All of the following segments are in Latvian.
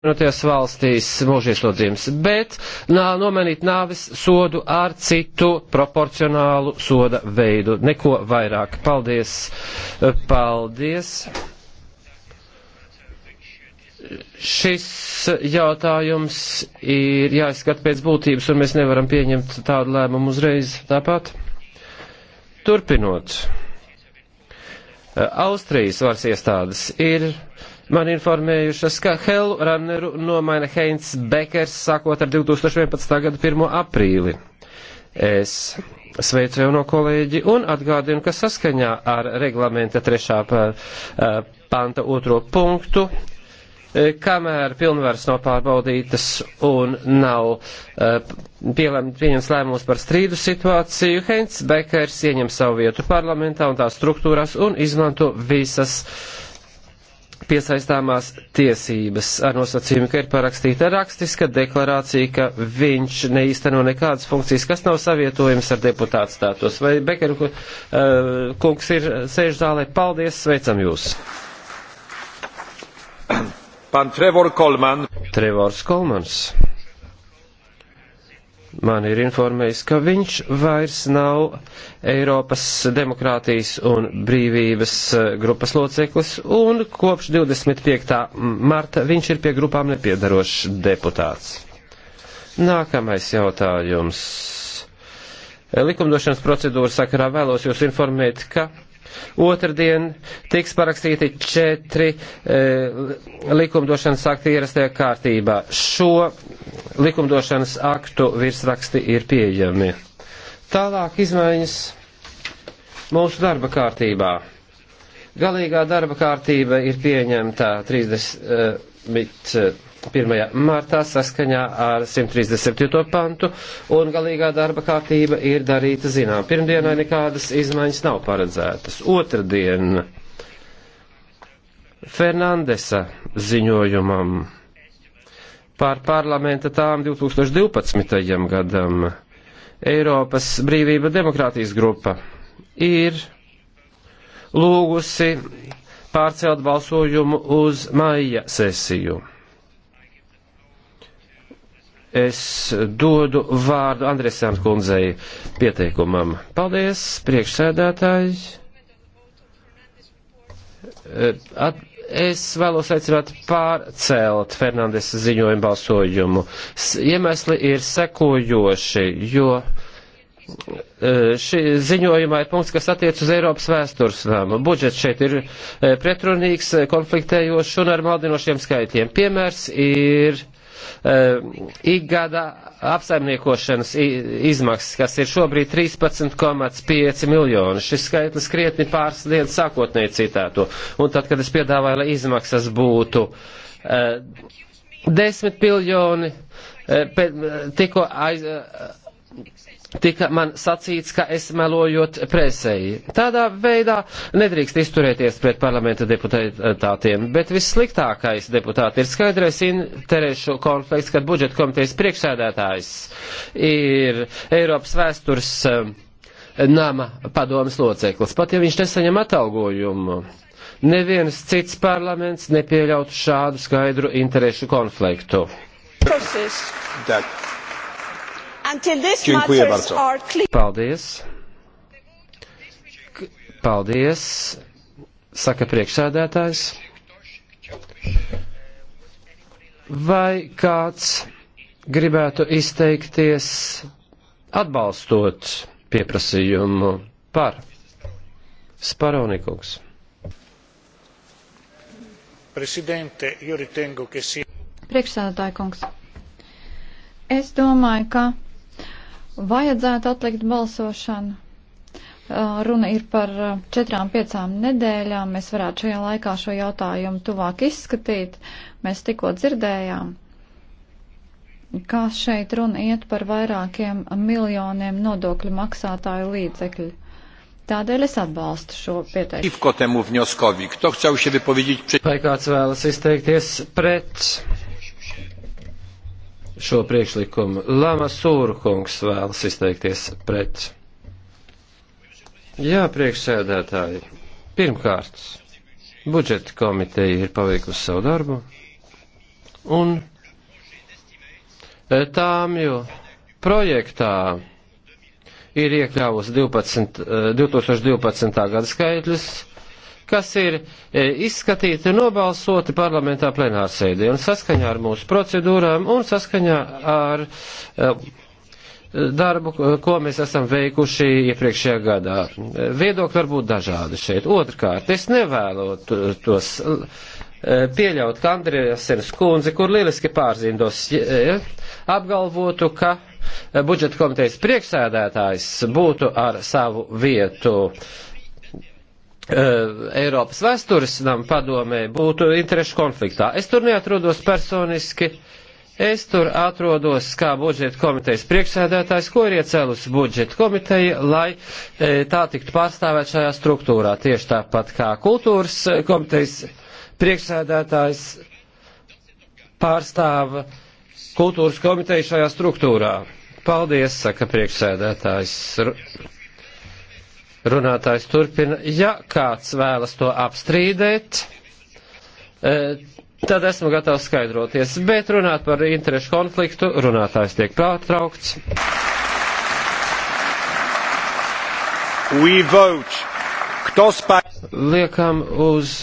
Vienotajās valstīs mūžieslodzījums, bet nā, nomenīt nāvis sodu ar citu proporcionālu soda veidu. Neko vairāk. Paldies. Paldies. Šis jautājums ir jāizskat pēc būtības, un mēs nevaram pieņemt tādu lēmumu uzreiz tāpat. Turpinot. Austrijas varas iestādes ir man informējušas, ka Helu Ranneru nomaina Heinz Bekers sākot ar 2011. gada 1. aprīli. Es sveicu jauno kolēģi un atgādinu, ka saskaņā ar reglamenta 3. Eh, panta 2. punktu eh, kamēr pilnvaras nav pārbaudītas un nav uh, pieņems lēmums par strīdu situāciju, Heinz Bekers ieņem savu vietu parlamentā un tās struktūrās un izmanto visas uh, piesaistāmās tiesības ar nosacījumu, ka ir parakstīta rakstiska deklarācija, ka viņš neīsteno nekādas funkcijas, kas nav savietojums ar deputātu status. Vai Bekeru uh, kungs ir uh, sēž zālē? Paldies, sveicam jūs! Pan Trevor Kolman. Trevors Kolmans man ir informējis, ka viņš vairs nav Eiropas demokrātijas un brīvības eh, grupas loceklis, un kopš 25. marta viņš ir pie grupām nepiedarošs deputāts. Nākamais jautājums. Likumdošanas procedūras sakarā vēlos jūs informēt, ka Otradien tiks parakstīti četri e, likumdošanas akti ierastajā kārtībā. Šo likumdošanas aktu virsraksti ir pieejami. Tālāk izmaiņas mūsu darba kārtībā. Galīgā darba kārtība ir pieņemta 31. Eh, eh, martā saskaņā ar 137. pantu, un galīgā darba kārtība ir darīta zinām. Pirmdienai nekādas izmaiņas nav paredzētas. Otradien Fernandesa ziņojumam pār parlamenta tām 2012. gadam. Eiropas brīvība demokrātijas grupa ir lūgusi pārcelt balsojumu uz maija sesiju. Es dodu vārdu Andresēm kundzei pieteikumam. Paldies, priekšsēdētāji. At, es vēlos aicināt pārcelt Fernandesa ziņojumu balsojumu. Iemesli ir sekojoši, jo e, šī ziņojumā ir punkts, kas attiec uz Eiropas vēstures namu. Budžets šeit ir e, pretrunīgs, konfliktējošs un ar maldinošiem skaitļiem. Piemērs ir Eh, ikgada apsaimniekošanas izmaksas, kas ir šobrīd 13,5 miljoni. Šis skaitlis krietni pārsniedz sākotnēji citēto. Un tad, kad es piedāvāju, lai izmaksas būtu eh, desmit miljoni, eh, tikko aiz tika man sacīts, ka es melojot presēji. Tādā veidā nedrīkst izturēties pret parlamenta deputātiem, bet vissliktākais deputāti ir skaidrais interešu konflikts, kad budžeta komitejas priekšsēdētājs ir Eiropas vēstures eh, nama padomas loceklis, pat ja viņš nesaņem atalgojumu. Neviens cits parlaments nepieļautu šādu skaidru interešu konfliktu. Process. Paldies. Paldies, saka priekšsēdētājs. Vai kāds gribētu izteikties atbalstot pieprasījumu par Sparonikungs? Priekšsēdētāja kungs, es domāju, ka vajadzētu atlikt balsošanu. Runa ir par četrām, piecām nedēļām. Mēs varētu šajā laikā šo jautājumu tuvāk izskatīt. Mēs tikko dzirdējām, kā šeit runa iet par vairākiem miljoniem nodokļu maksātāju līdzekļu. Tādēļ es atbalstu šo pieteikumu. Vai kāds vēlas izteikties pret šo priekšlikumu. Lama Sūrkungs vēlas izteikties pret. Jā, priekšsēdētāji. Pirmkārt, budžeta komiteja ir paveikusi savu darbu, un e, tām jau projektā ir iekļāvusi 12, 2012. E, gada skaitļus, kas ir e, izskatīti un nobalsoti parlamentā plenārsēdē. Un saskaņā ar mūsu procedūrām un saskaņā ar e, darbu, ko mēs esam veikuši iepriekšējā gadā. Viedokļi var būt dažādi šeit. Otrkārt, es nevēlotos e, pieļaut, ka Andriesenes kundze, kur lieliski pārzīmdos, apgalvotu, ka budžeta komitejas priekšsēdētājs būtu ar savu vietu uh, Eh, Eiropas vēstures nam padomē būtu interešu konfliktā. Es tur neatrodos personiski, es tur atrodos kā budžeta komitejas priekšsēdētājs, ko ir iecēlusi budžeta komiteja, lai e, tā tiktu pārstāvēt šajā struktūrā. Tieši tāpat kā kultūras eh, komitejas priekšsēdētājs pārstāv kultūras komiteju šajā struktūrā. Paldies, saka priekšsēdētājs. Runātājs turpina, ja kāds vēlas to apstrīdēt, e, tad esmu gatavs skaidroties, bet runāt par interešu konfliktu, runātājs tiek pārtraukts. Liekam uz,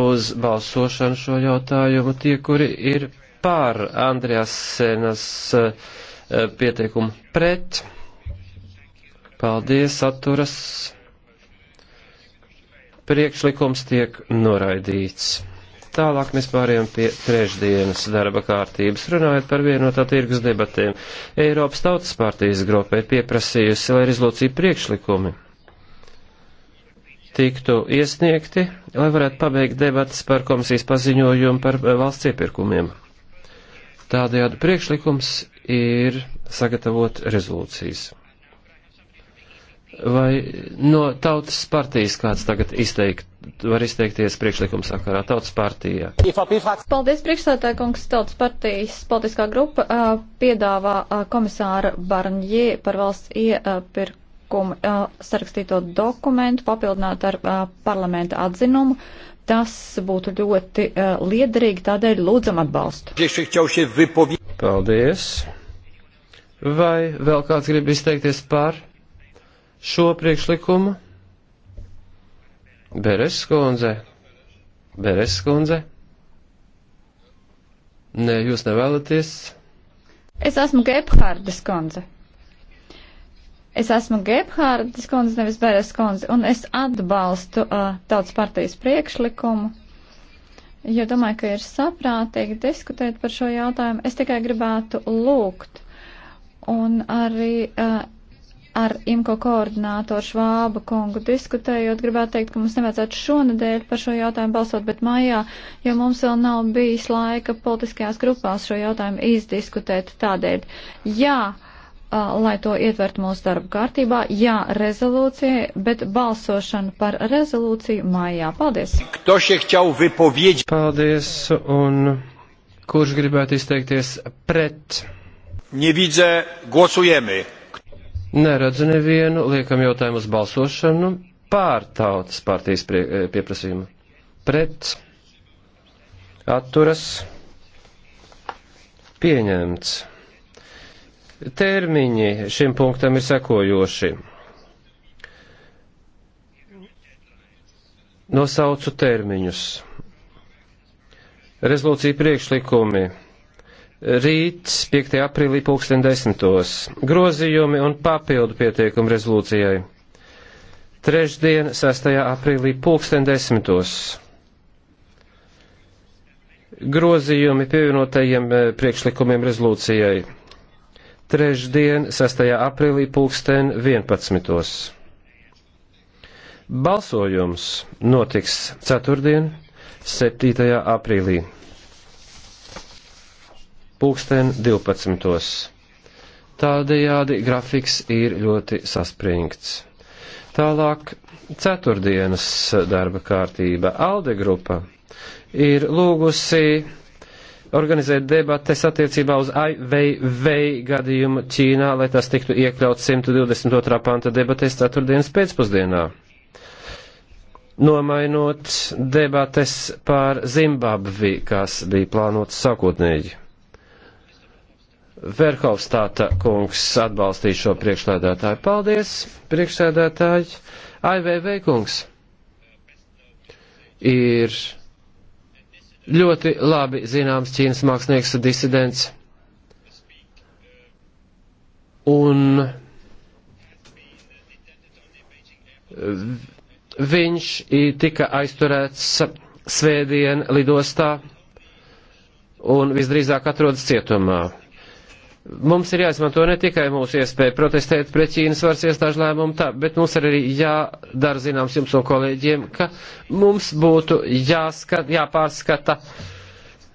uz balsošanu šo jautājumu tie, kuri ir pār Andrijas Senas e, pieteikumu pret. Paldies, atturas. Priekšlikums tiek noraidīts. Tālāk mēs pārējām pie trešdienas darba kārtības, runājot par vienotā tirgus debatēm. Eiropas Tautas partijas grupai pieprasījusi, lai rezolūcija priekšlikumi tiktu iesniegti, lai varētu pabeigt debatas par komisijas paziņojumu par eh, valsts iepirkumiem. Tādējādi priekšlikums ir sagatavot rezolūcijas. Vai no tautas partijas kāds tagad izteikt, var izteikties priekšlikuma sakarā tautas partijā? Paldies, priekšsētāja kungs, tautas partijas politiskā grupa uh, piedāvā uh, komisāra Barņē par valsts iepirkumu uh, sarakstīto dokumentu papildināt ar uh, parlamenta atzinumu. Tas būtu ļoti uh, liederīgi, tādēļ lūdzam atbalstu. Paldies. Vai vēl kāds grib izteikties par? šo priekšlikumu? Beres skundze. Beres skundze. Nē, jūs nevēlaties. Es esmu Gebhārdas skundze. Es esmu Gebhārdas skundze, nevis Beres skundze, un es atbalstu uh, tautas partijas priekšlikumu. Jo domāju, ka ir saprātīgi diskutēt par šo jautājumu. Es tikai gribētu lūgt un arī uh, ar IMCO koordinātoru Švāba kungu diskutējot, gribētu teikt, ka mums nevajadzētu šonadēļ par šo jautājumu balsot, bet maijā, jo mums vēl nav bijis laika politiskajās grupās šo jautājumu izdiskutēt tādēļ. Jā, lai to ietvert mūsu darba kārtībā, jā, rezolūcijai, bet balsošana par rezolūciju maijā. Paldies! Paldies, un kurš gribētu izteikties pret? Nie widzę, głosujemy. Neredzu nevienu. Liekam jautājumu uz balsošanu pār tautas partijas prie, e, pieprasījumu. Pret. Atturas. Pieņemts. Termiņi šim punktam ir sekojoši. Nosaucu termiņus. Rezolūcija priekšlikumi rīt, 5. aprīlī, pulksten desmitos. Grozījumi un papildu pieteikumu rezolūcijai. Trešdien, 6. aprīlī, pulksten desmitos. Grozījumi pievienotajiem eh, priekšlikumiem rezolūcijai. Trešdien, 6. aprīlī, pulksten 11. Balsojums notiks ceturtdien, 7. aprīlī pulksten 12. Tādējādi grafiks ir ļoti saspringts. Tālāk ceturtdienas darba kārtība. Alde grupa ir lūgusi organizēt debates attiecībā uz Aivei gadījumu Ķīnā, lai tas tiktu iekļauts 122. panta debatēs ceturtdienas pēcpusdienā. Nomainot debates par Zimbabvi, kas bija plānotas sākotnēji. Verhofstāta kungs atbalstīja šo priekšsēdētāju. Paldies, priekšsēdētāji. AIVV kungs ir ļoti labi zināms Ķīnas mākslinieks disidents. Un viņš tika aizturēts svētdien lidostā un visdrīzāk atrodas cietumā. Mums ir jāizmanto ne tikai mūsu iespēja protestēt pret Ķīnas varas iestāžu lēmumu, tā, bet mums arī jādara zināms jums un kolēģiem, ka mums būtu jāskat, jāpārskata eh,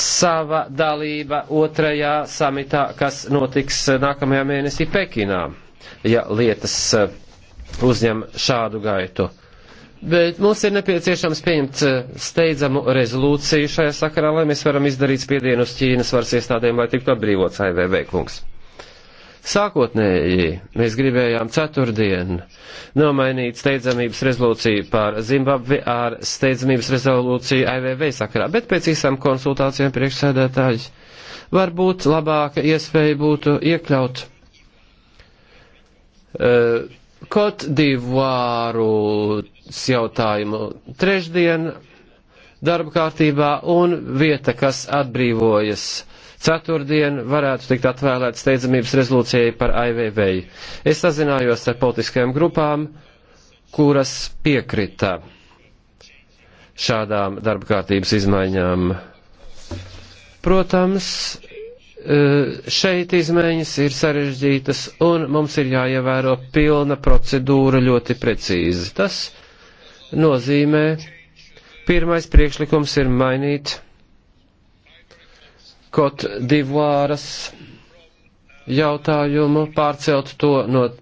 sava dalība otrajā samitā, kas notiks eh, nākamajā mēnesī Pekinā, ja lietas eh, uzņem šādu gaitu. Bet mums ir nepieciešams pieņemt eh, steidzamu rezolūciju šajā sakarā, lai mēs varam izdarīt spiedienu uz Ķīnas varas iestādēm, lai tiktu atbrīvots AIVV kungs. Sākotnēji mēs gribējām ceturtdien nomainīt steidzamības rezolūciju par Zimbabvi ar steidzamības rezolūciju AIVV sakarā, bet pēc īsām konsultācijām priekšsēdētāji varbūt labāka iespēja būtu iekļaut. Uh, eh, Kotdivāru jautājumu trešdien darba kārtībā un vieta, kas atbrīvojas ceturtdien, varētu tikt atvēlēta steidzamības rezolūcijai par IVV. Es sazinājos ar politiskajām grupām, kuras piekrita šādām darba kārtības izmaiņām. Protams, eh, šeit izmaiņas ir sarežģītas un mums ir jāievēro pilna procedūra ļoti precīzi. Tas nozīmē pirmais priekšlikums ir mainīt Kot divāras jautājumu, pārcelt to no eh,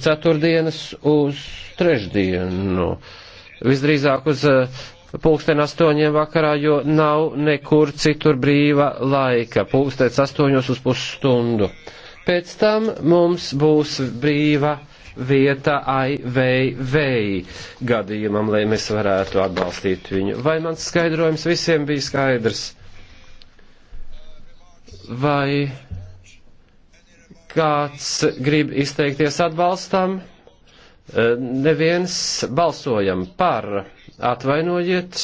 ceturtdienas uz trešdienu. Visdrīzāk uz eh, pulksten astoņiem vakarā, jo nav nekur citur brīva laika. Pulkstens astoņos uz pusstundu. Pēc tam mums būs brīva laika vieta AIVV gadījumam, lai mēs varētu atbalstīt viņu. Vai mans skaidrojums visiem bija skaidrs? Vai kāds grib izteikties atbalstam? E, neviens balsojam par atvainojiet.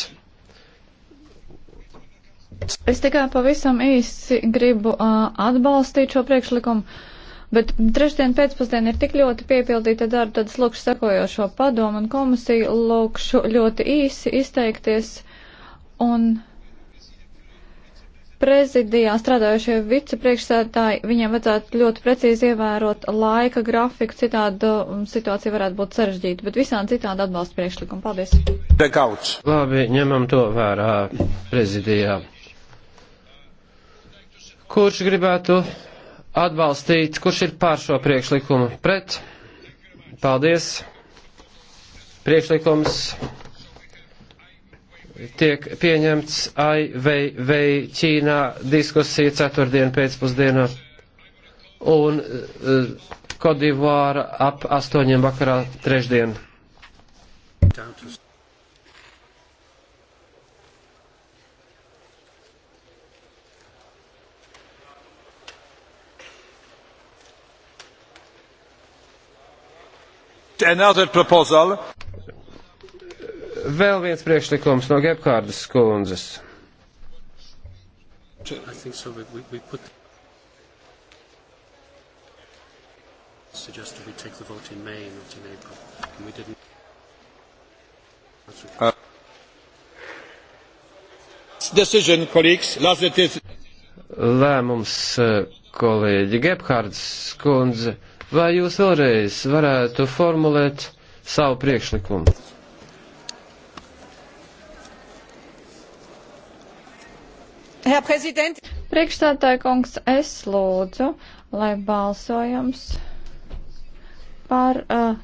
Es tikai pavisam īsi gribu uh, atbalstīt šo priekšlikumu. Uh, Bet trešdien pēcpusdien ir tik ļoti piepildīta darba, tad slūkšu sekojošo padomu un komisiju, lūkšu ļoti īsi izteikties un prezidijā strādājušie vicepriekšsētāji, viņiem vajadzētu ļoti precīzi ievērot laika grafiku, citādi um, situācija varētu būt sarežģīta, bet visādi citādi atbalsta priekšlikumu. Paldies. Dekauts. Labi, ņemam to vērā prezidijā. Kurš gribētu atbalstīt, kurš ir pār šo priekšlikumu pret. Paldies. Priekšlikums tiek pieņemts AIVV Ķīnā diskusija ceturtdien pēcpusdienā un uh, eh, Kodivāra ap astoņiem vakarā trešdien. Tātus. Vēl viens priekšlikums no Gebkārdas kundzes. So, we, we, we put... suggested we take the vote in May, not in April, and we didn't. Uh, decision, colleagues, last it is. Lēmums, uh, kolēģi Gebhards, kundze. Vai jūs vēlreiz varētu formulēt savu priekšlikumu? Priekšstādāja kungs, es lūdzu, lai balsojums par uh,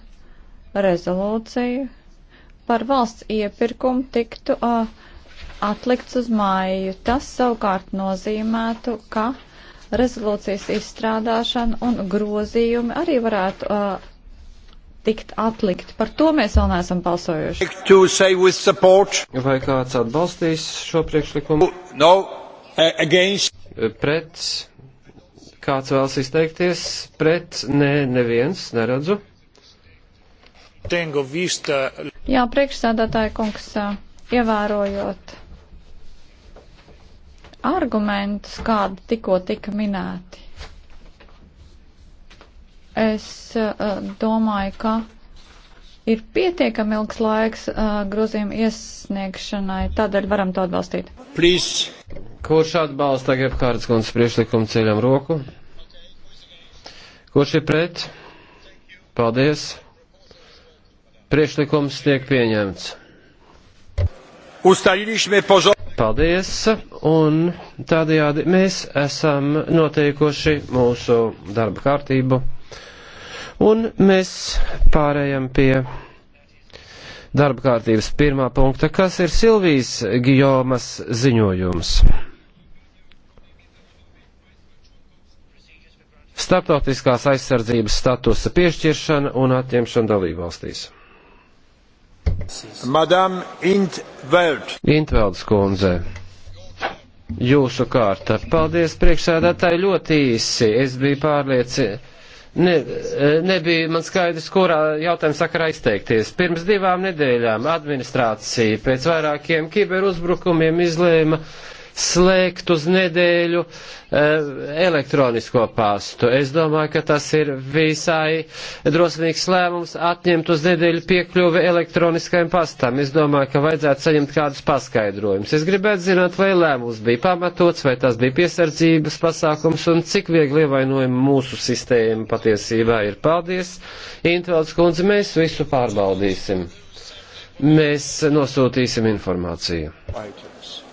rezolūciju par valsts iepirkumu tiktu uh, atlikts uz māju. Tas savukārt nozīmētu, ka rezolūcijas izstrādāšana un grozījumi arī varētu uh, tikt atlikti. Par to mēs vēl neesam balsojuši. Vai kāds atbalstīs šo priekšlikumu? No, against. Uh, pret. Kāds vēlas izteikties? Pret. Nē, neviens. Neredzu. Jā, priekšsēdētāja kungs, uh, ievērojot argumentus, kādi tikko tika minēti. Es uh, domāju, ka ir pietiekami ilgs laiks uh, grozījuma iesniegšanai, tādēļ varam to atbalstīt. Please. Kurš atbalsta Gebhārdas kundzes priekšlikumu ceļam roku? Kurš ir pret? Paldies. Priekšlikums tiek pieņemts. Ustaliliśmy porządek. Paldies, un tādējādi mēs esam noteikuši mūsu darba kārtību, un mēs pārējam pie darba kārtības pirmā punkta, kas ir Silvijas Gijomas ziņojums. Startautiskās aizsardzības statusa piešķiršana un atņemšana dalībvalstīs. Madam Intveld. Intvelds kundze. Jūsu kārta. Paldies, priekšsēdētāji, ļoti īsi. Es biju pārliecināts. Ne, nebija man skaidrs, kurā jautājuma sakarā izteikties. Pirms divām nedēļām administrācija pēc vairākiem kiberuzbrukumiem izlēma uh, slēgt uz nedēļu eh, elektronisko pastu. Es domāju, ka tas ir visai drosmīgs lēmums atņemt uz nedēļu piekļuvi elektroniskajam pastam. Es domāju, ka vajadzētu saņemt kādus paskaidrojumus. Es gribētu zināt, vai lēmums bija pamatots, vai tas bija piesardzības pasākums un cik viegli ievainojumi mūsu sistēma patiesībā ir. Paldies, Intvalds kundze, mēs visu pārbaudīsim mēs nosūtīsim informāciju. Items.